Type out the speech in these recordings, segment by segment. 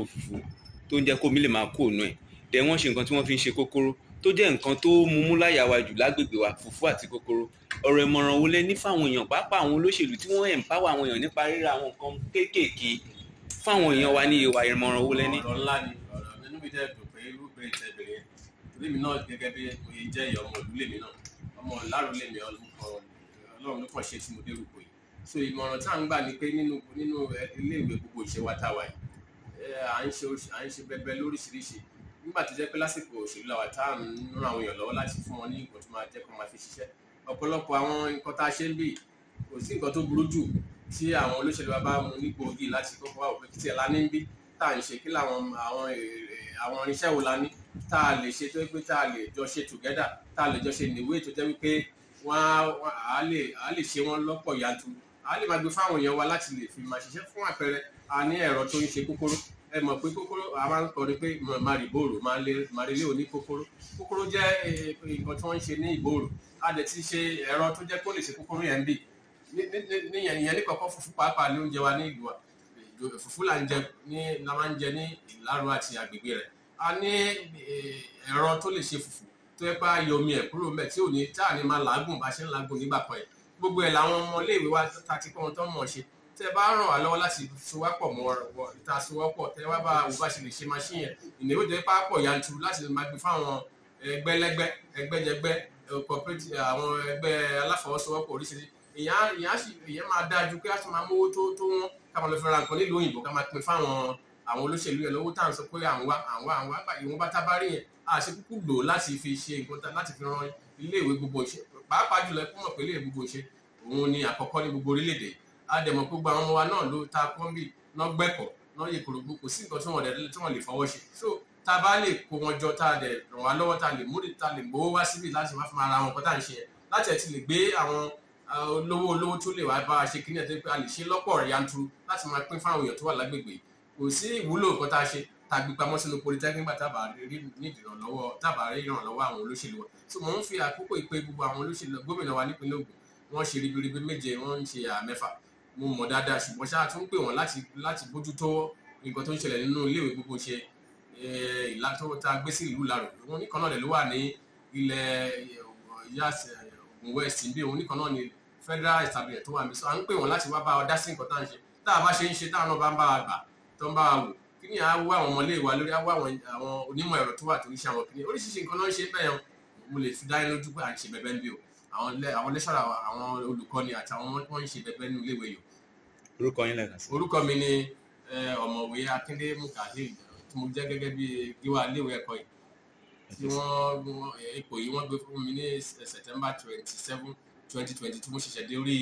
kòkòrò fùfú tó ń jẹ́ kó mi lè máa kó ònú ẹ̀ dẹ̀ wọ́n ṣe nǹkan tí wọ́n fi ń ṣe kókóró tó jẹ́ nǹkan tó mumú láyà wa jù lágbègbè wa fùfú àti kókóró ọ̀rọ̀ ìmọ̀ràn wo lẹ ní fáwọn èèyàn pàápàá àwọn olóṣèlú tí wọ́n empower àwọn èèyàn nípa ríra àwọn nǹkan kéékèèké fáwọn èèyàn wa ní ìwà ìmọ̀ràn wo lẹ ní. ọ̀rọ̀ ńlá ni ọ̀rọ̀ nínú mi dẹ́ dùn pé irú ìbéèrè tẹ bèrè yẹn torí náà gẹ́gẹ́ bí oyè jẹ́ ìyá ìlú lèmi náà ọmọ ìlàrú lèmi ọlọ́run ló kàn ṣe tí mo dérò pé so ìmọ̀ràn tá à ń gbà ni pé nínú iléèwé gbogbo ìṣe wa táwa yìí Eh, à ń ṣe à ń ṣe bẹbẹ lóríṣiríṣi nígbà tó jẹ́ pé lásìkò òṣèlú làwà tá à ń ràn àwọn èèyàn lọ́wọ́ láti fún wọn ní nǹkan tó máa jẹ́ kó máa fi ṣiṣẹ́ ọ̀pọ̀lọpọ̀ àwọn nǹkan tá a ṣe ń bì kò sí nǹkan tó burú jù tí àwọn olóṣèlú bá mú ní gbòógì láti kọ́kọ́ wà òpin títí ẹ̀ la ní bí tá à ń ṣe kí làwọn àwọn eh, àwọn irinṣẹ́ wo la ní tá a lè ṣe tó pé tá a lè jọ ṣe together tá a lè jọ ṣe níwèé tó jẹ́ wípé wọ́n á lè ṣe wọ́n lọ́pọ̀ yanturu a lè máa gbé fáwọn èèyàn wa láti lè fi máa ṣiṣẹ́ fún àpẹẹrẹ a ní ẹ̀rọ tó ń ṣe kókóró ẹ mọ̀ pé kókóró a máa ń kọrin pé màrìbóòrò màrìlé òní kókóró kókóró jẹ́ eh, nǹkan tí wọ́n ń ṣe ní ìbòòrò a dẹ̀ ti ṣe ẹ̀rọ tó jẹ́ kó lè ṣe kókóró yẹn bì ìyẹn ní kọ̀ọ̀kan fùfú pàápàá ní oúnjẹ wa ní ìlú wa fùfú la máa ń jẹ ní ìlàrú àti agbègbè rẹ̀ a ní eh, ẹ̀rọ tó lè ṣe fùfú tó yẹ pé a yọ ẹ̀ kúrò mẹ́ tí ò ní tá à ní máa làágùn bá ṣe ń làágùn nígbà kan yìí gbogbo ẹ̀ làwọn ọmọléèwé wa ta ti kọ́ ohun tó mọ̀ ṣe tẹ bá ràn wá lọ́wọ́ láti sowápọ̀ mọ́ ìta sowápọ̀ tẹ wá bá wò bá ṣe lè ṣe machine yẹn ìnáwó jẹ́ pápọ̀ yanturu láti máa gbé fáwọn ẹgbẹ́lẹ́gbẹ́ ẹgbẹ́jẹgbẹ́ cooperative àwọn ẹgbẹ́ aláfọwọ́sowọ́pọ̀ oríṣiríṣi ìyẹn máa dájú pé a ti máa mówó tó tó wọ́n ká máa lọ fi ra nǹkan nílùú òyìnbó ká máa pín fáwọn àwọn olóṣèlú yẹn lọ́wọ́ tá à ń sọ pé àwọn wa àwọn wa àwọn wa ìwọ̀n bá tá a bá rí yẹn àṣekúkú lò láti fi ṣe nǹkan láti fi ran pàápàá jùlọ ẹkú mọ̀ pẹ̀lú gbogbo ṣe òun ni àkọ́kọ́ ní gbogbo orílẹ̀-èdè àdẹ̀mọ̀ gbogbo àwọn ọmọ wa náà ló ta kọ́ńbì náà gbẹ̀kọ̀ náà yẹ kòrògbò sí nǹkan tí wọ́n tí wọ́n lè fọwọ́ ṣe so tá a bá lè kó wọn jọ tá a dẹ̀ ràn wá lọ́wọ́ tá a lè múlè tá a lè gbowó wá síbi láti má fi máa ra àwọn nǹkan tá à ń ṣe yẹn láti ẹ̀ ti lè gbé àwọn olówó olówó tó lè wá bá a ṣe kíní ẹ̀ tó a lè ṣe lọ́pọ̀ yanturu láti máa pín fáwọn èèyàn tó wà lágbègbè kò sí ìwúlò nǹkan tá a ṣe tàgbé pamọ́ sínú polytechnic nígbà tábà rí nídìí ìrànlọ́wọ́ tábà rí ìrànlọ́wọ́ àwọn olóṣèlú wa so mò ń fi àkókò ìpè gbogbo àwọn olóṣèlú gómìnà wa nípínlẹ̀ Ògùn wọ́n ṣe ribiribi méje wọ́n ń ṣe àmẹ́fà mo mọ̀ dáadáa ṣùgbọ́n ṣáà tún pè wọ́n láti láti bójú tó nǹkan tó ń ṣẹlẹ̀ nínú iléèwé gbogbo ṣe ìlànà tó ta gbé sí ìlú lárugẹ wọn nìkan náà ló wà ní ilẹ̀ yas Ògùn west tá à ń ṣe tá a bá ṣe kíní àá wá àwọn ọmọlé wa lórí àá wá àwọn onímọ̀ ẹ̀rọ tó wà tó ń ṣe àwọn kíní oríṣiríṣi nǹkan náà ń ṣe bẹ́ẹ̀ mo lè fi dáyé lójú pé à ń ṣe bẹ́ẹ̀ bí o àwọn lẹ́ṣọ̀rọ̀ àwọn olùkọ́ni àtàwọn wọ́n ń ṣe bẹ́ẹ̀ nínú iléèwé yìí. orúkọ yín lẹ́ka sí. orúkọ mi ni ọ̀mọ̀wé akíndé mukahil tí mo jẹ́ gẹ́gẹ́ bí gíwá iléèwé ẹ̀kọ́ yìí tí wọ́n ipò yìí wọ́n gbé fún mi ní september twenty seven twenty twenty two mo ṣẹ̀ṣẹ̀ dé orí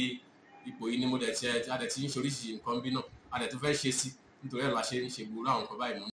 ipò yìí ni mo dẹ̀ ti adẹ̀ ti ń ṣe oríṣiríṣi nǹkan bí náà adẹ̀ tó fẹ́ ṣe sí i nítorí ẹ̀ la ṣe ń ṣe gbogbo àwọn nǹkan báyìí mọ́